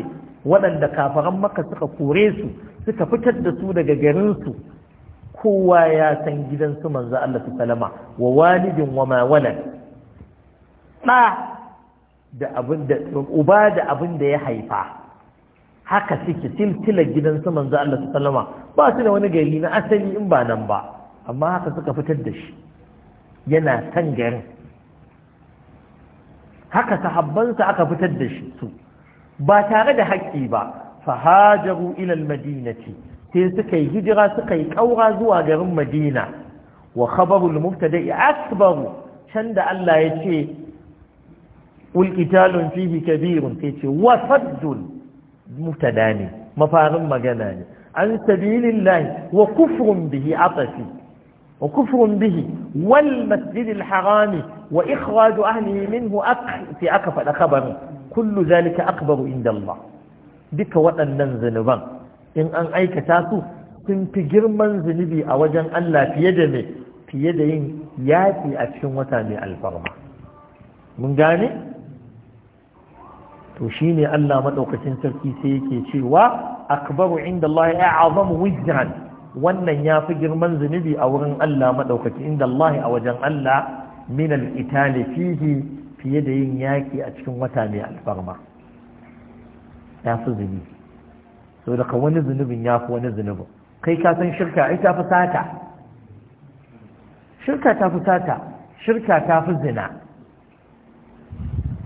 ومن دكافرن مكه suka kore su suka fitar da su daga garinsu, su kowa ya san gidan su manzo Allah ta salama wa walidin wa ma wala da abin uba da abinda ya haifa haka suke tiltila gidan su manzo Allah ta salama ba su da wani gari na asali in ba nan ba amma haka suka fitar da shi yana san garin haka sahabbansa aka fitar da shi su ba tare da haƙƙi ba fahajaru ilal madinati sai suka yi hijira suka yi ƙaura zuwa garin madina wa khabarul mubtada'i akbaru can da Allah ya ce ul qitalun fihi kabirun sai ce wa saddun mubtada ne mafarin magana ne an sabilillahi wa kufrun bihi atafi وكفر به والمسجد الحرام وإخراج أهله منه في أكفل خبر كل ذلك أكبر عند الله بك وأن ذنبا إن أن أيك تاسو كنت جرما ذنبي أوجا ألا في يدمي في يدين ياتي أتشم وتامي الفرما من قاني تشيني ألا مدوقة سركي سيكي شيوا أكبر عند الله أعظم وزرا wannan ya fi girman zunubi a wurin Allah maɗaukaki inda Allah a wajen Allah min al-itali fiye da yin yaki a cikin wata mai alfarma ya fi zunubi so daga wani zunubin ya fi wani zunubin kai ka san shirka ai ta fi sata shirka ta fi sata shirka ta fi zina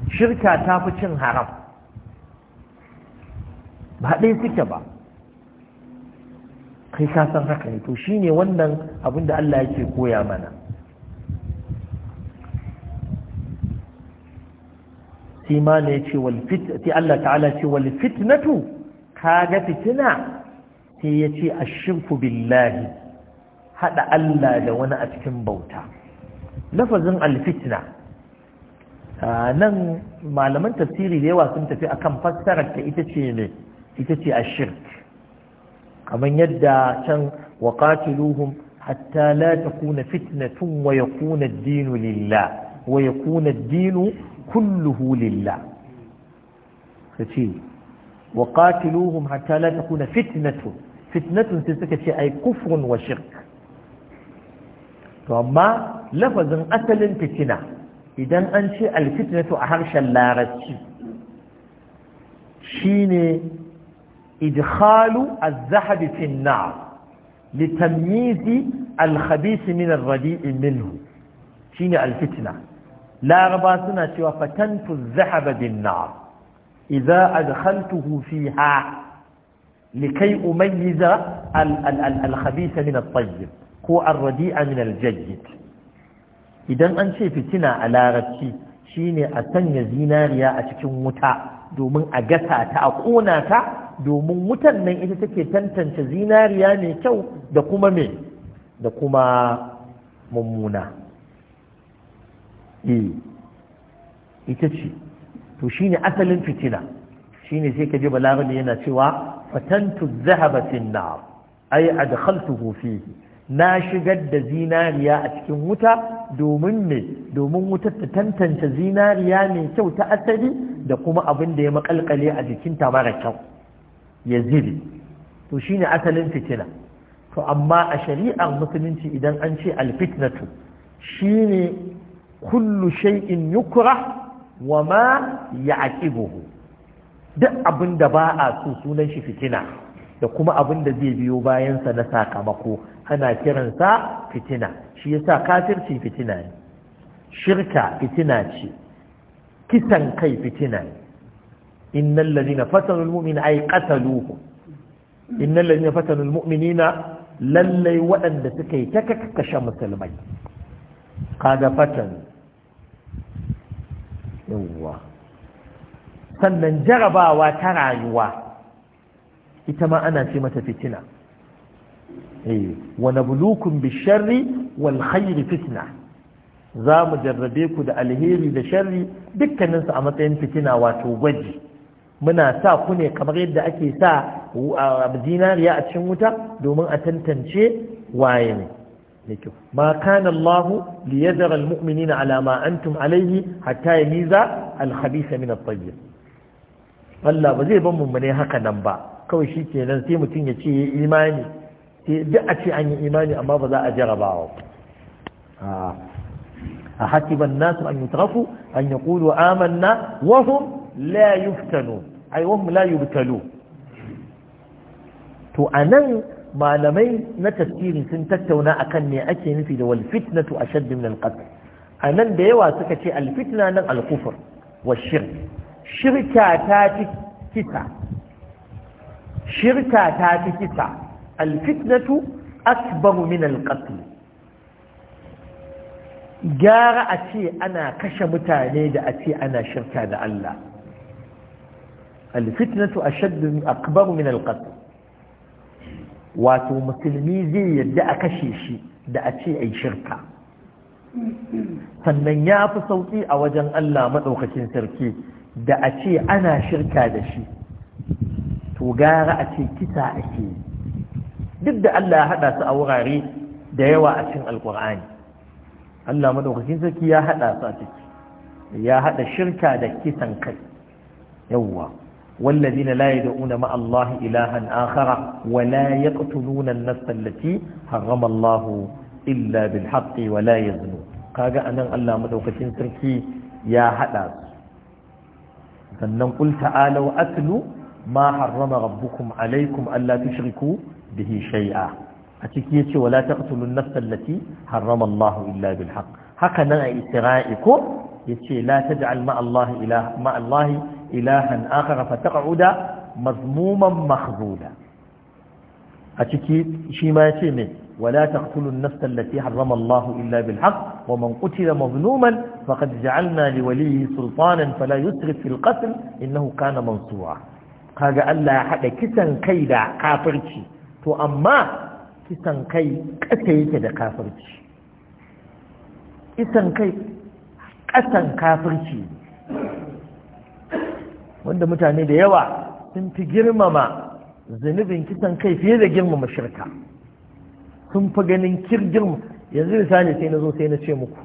shirka ta fi cin haram ba ɗaya suke ba kai ka san haka ne to shine wannan abin da Allah yake koya mana sai ya ce wal Allah ta'ala ce wal fitnatu kaga fitina sai ya ce ashirku billahi hada Allah da wani a cikin bauta lafazin alfitna nan malaman tafsiri da yawa sun tafi akan fassarar ta ita ce ne ita ce ashirk kamar yadda can wa qatiluhum hatta la takuna fitnatun wa yakuna ad-dinu lillah wa yakuna ad-dinu kulluhu lillah kace wa qatiluhum hatta la takuna fitnatun fitnatun sai suka ce ai kufrun wa shirk to amma lafazin asalin fitina idan an ce alfitnatu a harshen larabci shine idkhalu az-zahabi fi an-nar litamyiz al-khabith min ar-radi' minhu shine al-fitna laraba suna cewa fatantu az-zahaba bin-nar idza adkhaltuhu fiha likay umayyiza al-khabith min at-tayyib ko ar-radi'a min al-jayyid idan an ce fitina a larabci shine a sanya zinariya a cikin wuta domin a gasa ta a ƙona ta domin wutan nan ita take tantance zinariya mai kyau da kuma me, da kuma mummuna eh ita ce to shine asalin fitina shine sai ka ji balagani yana cewa fatantu zahaba fin nar ay adkhaltuhu fihi na shigar da zinariya a cikin wuta domin me domin wutar ta tantance zinariya mai kyau ta asali da kuma abin da ya makalkale a jikinta mara kyau ya zire to shine asalin fitina to amma a shari'ar musulunci idan an ce alfitnatu shine kullu shay'in yukra wa ma ya duk abin da ba a so sunan shi fitina da kuma abin da zai biyo bayansa na sakamako ana kiransa fitina shi yasa kafirci fitina ne shirka fitina ce kisan kai fitina ne innal ladina fatanu almu'mina ay qataluhu innal ladina fatanu almu'minina lallai waɗanda suka yi ta kakkashe musulmai kaga fatan yawwa sannan jarabawa ta rayuwa ita ma ana ce mata fitina Wani bulukun bisharri wal khairi fitna za mu jarrabe ku da alheri da sharri dukkaninsu a matsayin fitina wato gwaji muna sa ku ne kamar yadda ake sa zinariya a cikin wuta domin a tantance waye ne da kyau ma kana Allah li yadhara al ala ma antum alayhi hatta yamiza al min at tayyib Allah ba zai ban mummune haka nan ba kawai shikenan sai mutum ya ce imani sai duk a ce an yi imani amma ba za a jarabawa a hasiban nasu an yutrafu an yaqulu amanna wa hum la yuftanu ai wahum la yubtalu to anan malamai na tafsiri sun tattauna akan me ake nufi da wal fitnatu ashadd min al qatl nan da yawa suka ce al fitna nan al kufr wa shirk shirka ta fi kisa shirka ta fi kisa al fitnatu akbar min al qatl gara a ce ana kashe mutane da a ce ana shirka da Allah alfitnatu ashaddu akbaru min alqatl wato musulmi zai yadda a kashe shi da a ce ai shirka sannan ya fi sauƙi a wajen Allah maɗaukakin sarki da a ce ana shirka da shi to gara a ce kisa ake duk da Allah ya haɗa su a wurare da yawa a cin alƙur'ani Allah maɗaukakin sarki ya haɗa su a ciki ya haɗa shirka da kisan kai yawwa والذين لا يدعون مع الله إلها آخر ولا يقتلون النفس التي حرم الله إلا بالحق ولا يزنون kaga anan Allah madaukakin sarki ya hada sannan qul ta'alu atlu ma harrama rabbukum alaykum alla tushriku bihi shay'a a ciki yace wala taqtulun nafs allati harrama Allah illa bil haqq haka nan a isra'i ko yace la taj'al ma Allah ilaha ilahan akhar fa taq'uda mazmuman mahzula a ciki shi ma yace me wala taqtulun nafsa allati harrama Allah illa bil haqq wa man qutila mazluman faqad ja'alna li waliyyi sultanan fala yusrif fil qatl innahu kana mansura kaga Allah ya hada kisan kai da kafirci to amma kisan kai kasa yake da kafirci kisan kai kasan kafirci wanda mutane da yawa sun fi girmama zunubin kisan kai fiye da girmama shirka sun fi ganin kirgin yanzu misali sai na zo sai na ce muku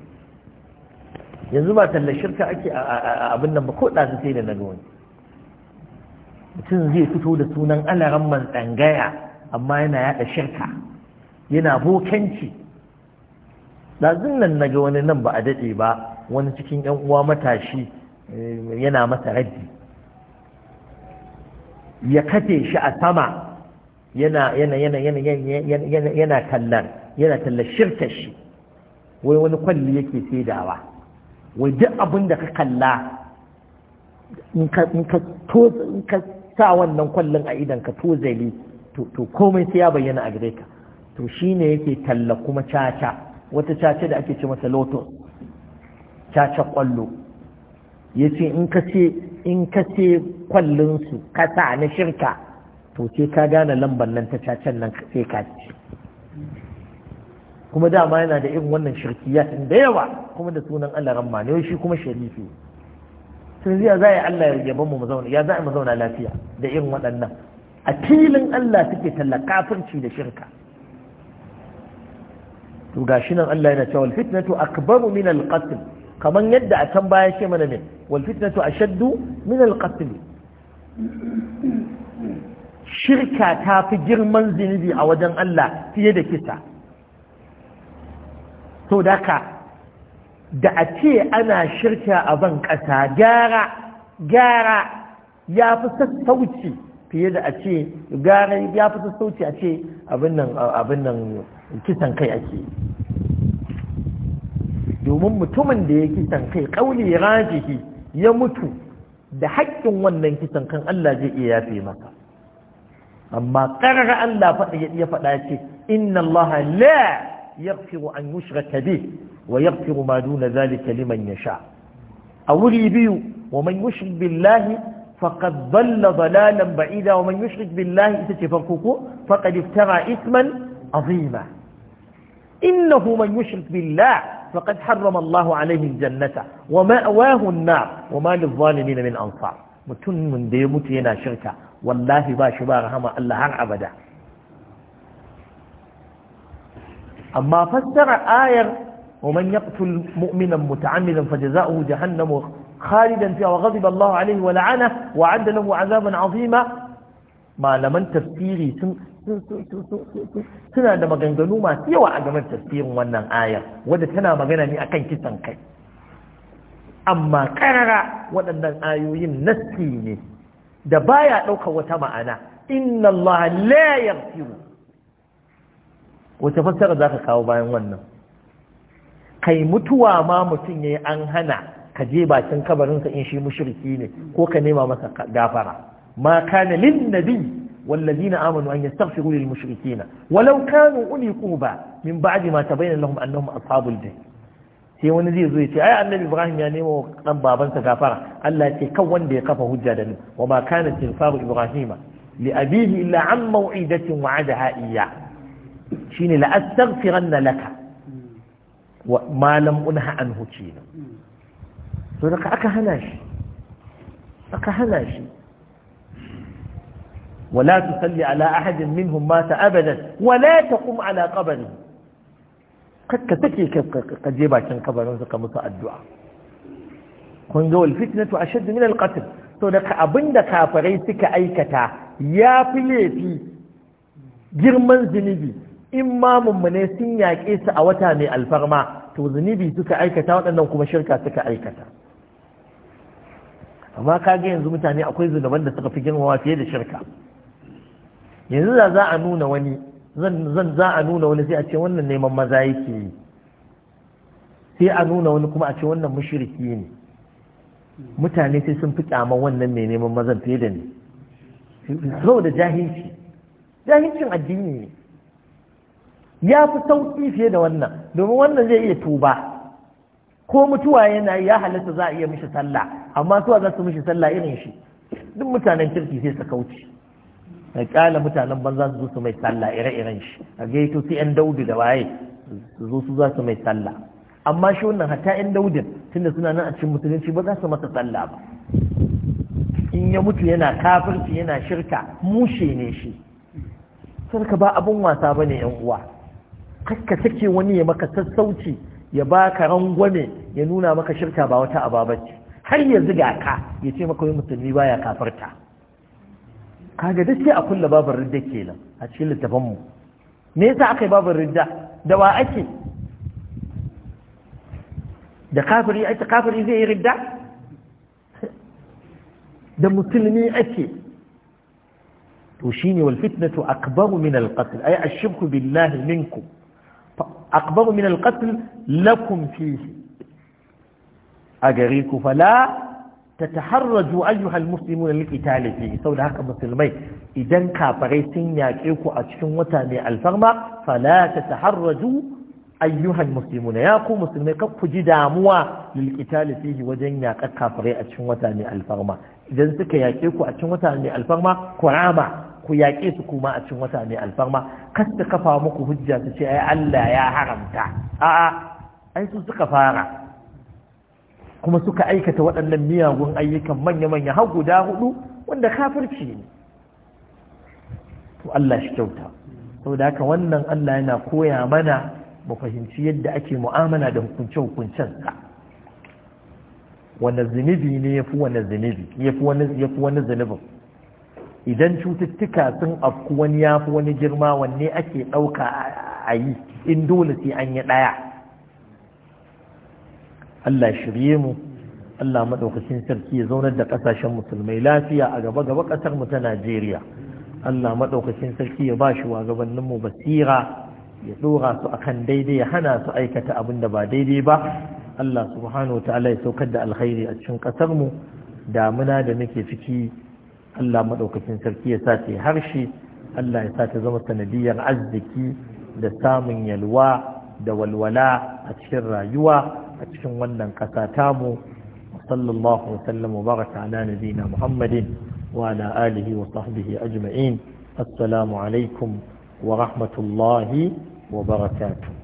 yanzu ba talla shirka ake a abin nan ba ko ɗazu sai da na ga mutum zai fito da sunan alaran man tsangaya amma yana yaɗa shirka yana bokanci ɗazun nan na ga wani nan ba a daɗe ba wani cikin 'yan uwa matashi eh, yana masa raddi ya kafe shi a sama yana yana yana yana yana yana tallar yana tallar shirka shi wai wani kwalli yake saidawa wai duk abin da ka kalla in ka sa wannan kwallin a idan ka tozali to komai sai ya bayyana a gare ka to shine yake talla kuma caca wata caca da ake ce masa lotus caca kwallo ya ce in ka ce in ka ce kwallinsu ka sa na shirka to sai ka gane lambar nan ta cacen nan sai ka ci kuma dama yana da irin wannan shirkiyatin da yawa kuma da sunan Allah ramma ne shi kuma sharifi tun ziya za a yi Allah ya yaban mu zauna ya za mu zauna lafiya da irin waɗannan a filin Allah suke talla kafirci da shirka to gashi nan Allah yana cewa fitnatu akbaru min al-qatl kamar yadda a can baya ce mana ne wal a ashaddu min al shirka ta fi girman zinubi a wajen Allah fiye da kisa to daka da a ce ana shirka a ban ƙasa gara gara ya fi sassauci fiye da a ce gara ya fi sassauci a ce abin nan kisan kai ake domin mutumin da ya kisan kai ƙauli rajihi ya mutu da haƙƙin wannan kisan kan Allah zai iya yafe masa amma ƙarar Allah faɗa ya faɗa ce inna Allah la yaghfiru an yushraka bih wa yaghfiru ma duna zalika liman yasha a wuri biyu wa man yushrik billahi faqad dhalla dalalan ba'ida wa man yushrik billahi ita ce farko ko faqad iftara isman azima innahu man yushrik billahi فقد حرم الله عليه الجنة ومأواه النار وما للظالمين من أنصار متن من دي متينا شركة والله با شبار هما الله هر أبدا أما فسر آية ومن يقتل مؤمنا متعمدا فجزاؤه جهنم خالدا فيها وغضب الله عليه ولعنه وعد له عذابا عظيما malaman tafsiri sun suna da maganganu masu yawa a game tafsirin wannan ayar wadda tana magana ne akan kisan kai amma karara waɗannan ayoyin nassi ne da baya ɗaukar wata ma'ana inna Allah la yaghfiru wata fassara zaka kawo bayan wannan kai mutuwa ma mutum yayi an hana ka je bakin kabarinsa in shi mushriki ne ko ka nema masa gafara ما كان للنبي والذين آمنوا أن يستغفروا للمشركين ولو كانوا أولي قربى من بعد ما تبين لهم أنهم أصحاب الجحيم sai wani zai zo ya ce ayi annabi ibrahim ya nemo dan babansa gafara Allah ce kan wanda ya kafa hujja da ni wa ma kana tilfaru ibrahim li abihi illa an maw'idatin wa'adaha iyya shine la astaghfiranna laka wa ma lam unha anhu kina to da aka hana shi aka hana shi ولا تصلي على أحد منهم مات أبدا ولا تقوم على قبره قد تكي كجيبا كان قبر ونزق مساء الدعاء كنزو الفتنة أشد من القتل تونك أبند كافريتك أيكتا يا فليتي girman zunubi in ma mummune sun yaƙe a wata mai alfarma to zunubi suka aikata waɗannan kuma shirka suka aikata amma kaga yanzu mutane akwai zunuban da suka fi girmama fiye da shirka yanzu da za a nuna wani zan za a nuna wani sai a ce wannan neman maza yake yi sai a nuna wani kuma a ce wannan mushriki ne mutane sai sun fi kyaman wannan mai neman mazan fiye da ni saboda jahilci jahilcin addini ne ya fi sauƙi fiye da wannan domin wannan zai iya tuba ko mutuwa yana ya halatta za a iya mishi sallah amma suwa za su mishi sallah irin shi duk mutanen kirki sai su kauce da kyala mutanen banza su zo su mai sallah ire-iren shi a gaito sai yan daudu da waye su zo su za su mai sallah amma shi wannan hatta yan Daudu tunda suna nan a cikin musulunci ba za su masa sallah ba in ya mutu yana kafirci yana shirka mushe ne shi sarka ba abun wasa ba ne uwa kakka take wani ya maka sassauci ya baka rangwame ya nuna maka shirka ba wata aba har ya ziga ka ya ce maka wai musulmi baya kafirta. kaga da sai a kulla babar ridda nan a cikin littafanmu me yasa aka yi babar ridda da wa ake da kafiri ake kafiri zai yi ridda da musulmi ake to shine wal fitnatu akbaru min al qatl ay ashirku billahi minku akbaru min al qatl lakum fihi a gare ku fala tataharraju ayyuhal muslimuna liqitali fi saboda haka musulmai idan kafarai sun yaƙe ku a cikin wata mai alfarma fala taharraju ayyuhal muslimuna ya ku musulmai kar ku ji damuwa liqitali fihi wajen yaƙar kafirai a cikin wata mai alfarma idan suka yaƙe ku a cikin wata mai alfarma ku rama ku yaƙe su kuma a cikin wata mai alfarma kar su kafa muku hujja su ce ai Allah ya haramta a'a ai su suka fara kuma suka aikata waɗannan miyagun ayyukan manya-manya har guda hudu wanda kafirci ne to Allah shi kyauta sau da haka wannan Allah yana koya mana mu fahimci yadda ake mu'amala da hukunce-hukuncen sa zunubi ne yafi wani zunubi wani zunubin idan cututtuka sun afku wani yafi wani girma wanne ake ɗauka a yi in dole sai an yi ɗaya Allah shirye mu Allah maɗaukacin sarki ya zaunar da ƙasashen musulmai lafiya a gaba gaba ƙasarmu mu ta Najeriya Allah maɗaukacin sarki ya ba shi wa mu basira ya ɗora su akan daidai ya hana su aikata abin da ba daidai ba Allah subhanahu ta'ala ya saukar da alkhairi a cikin ƙasarmu. mu damuna da muke ciki Allah maɗaukacin sarki ya sa ta harshe Allah ya sa ta zama sanadiyar arziki da samun yalwa da walwala a cikin rayuwa cikin wannan ƙasa tamu sallallahu wa sallam wa baraka ala nabina muhammadin wa ala alihi wa sahbihi ajma'in assalamu alaikum wa rahmatullahi wa barakatuh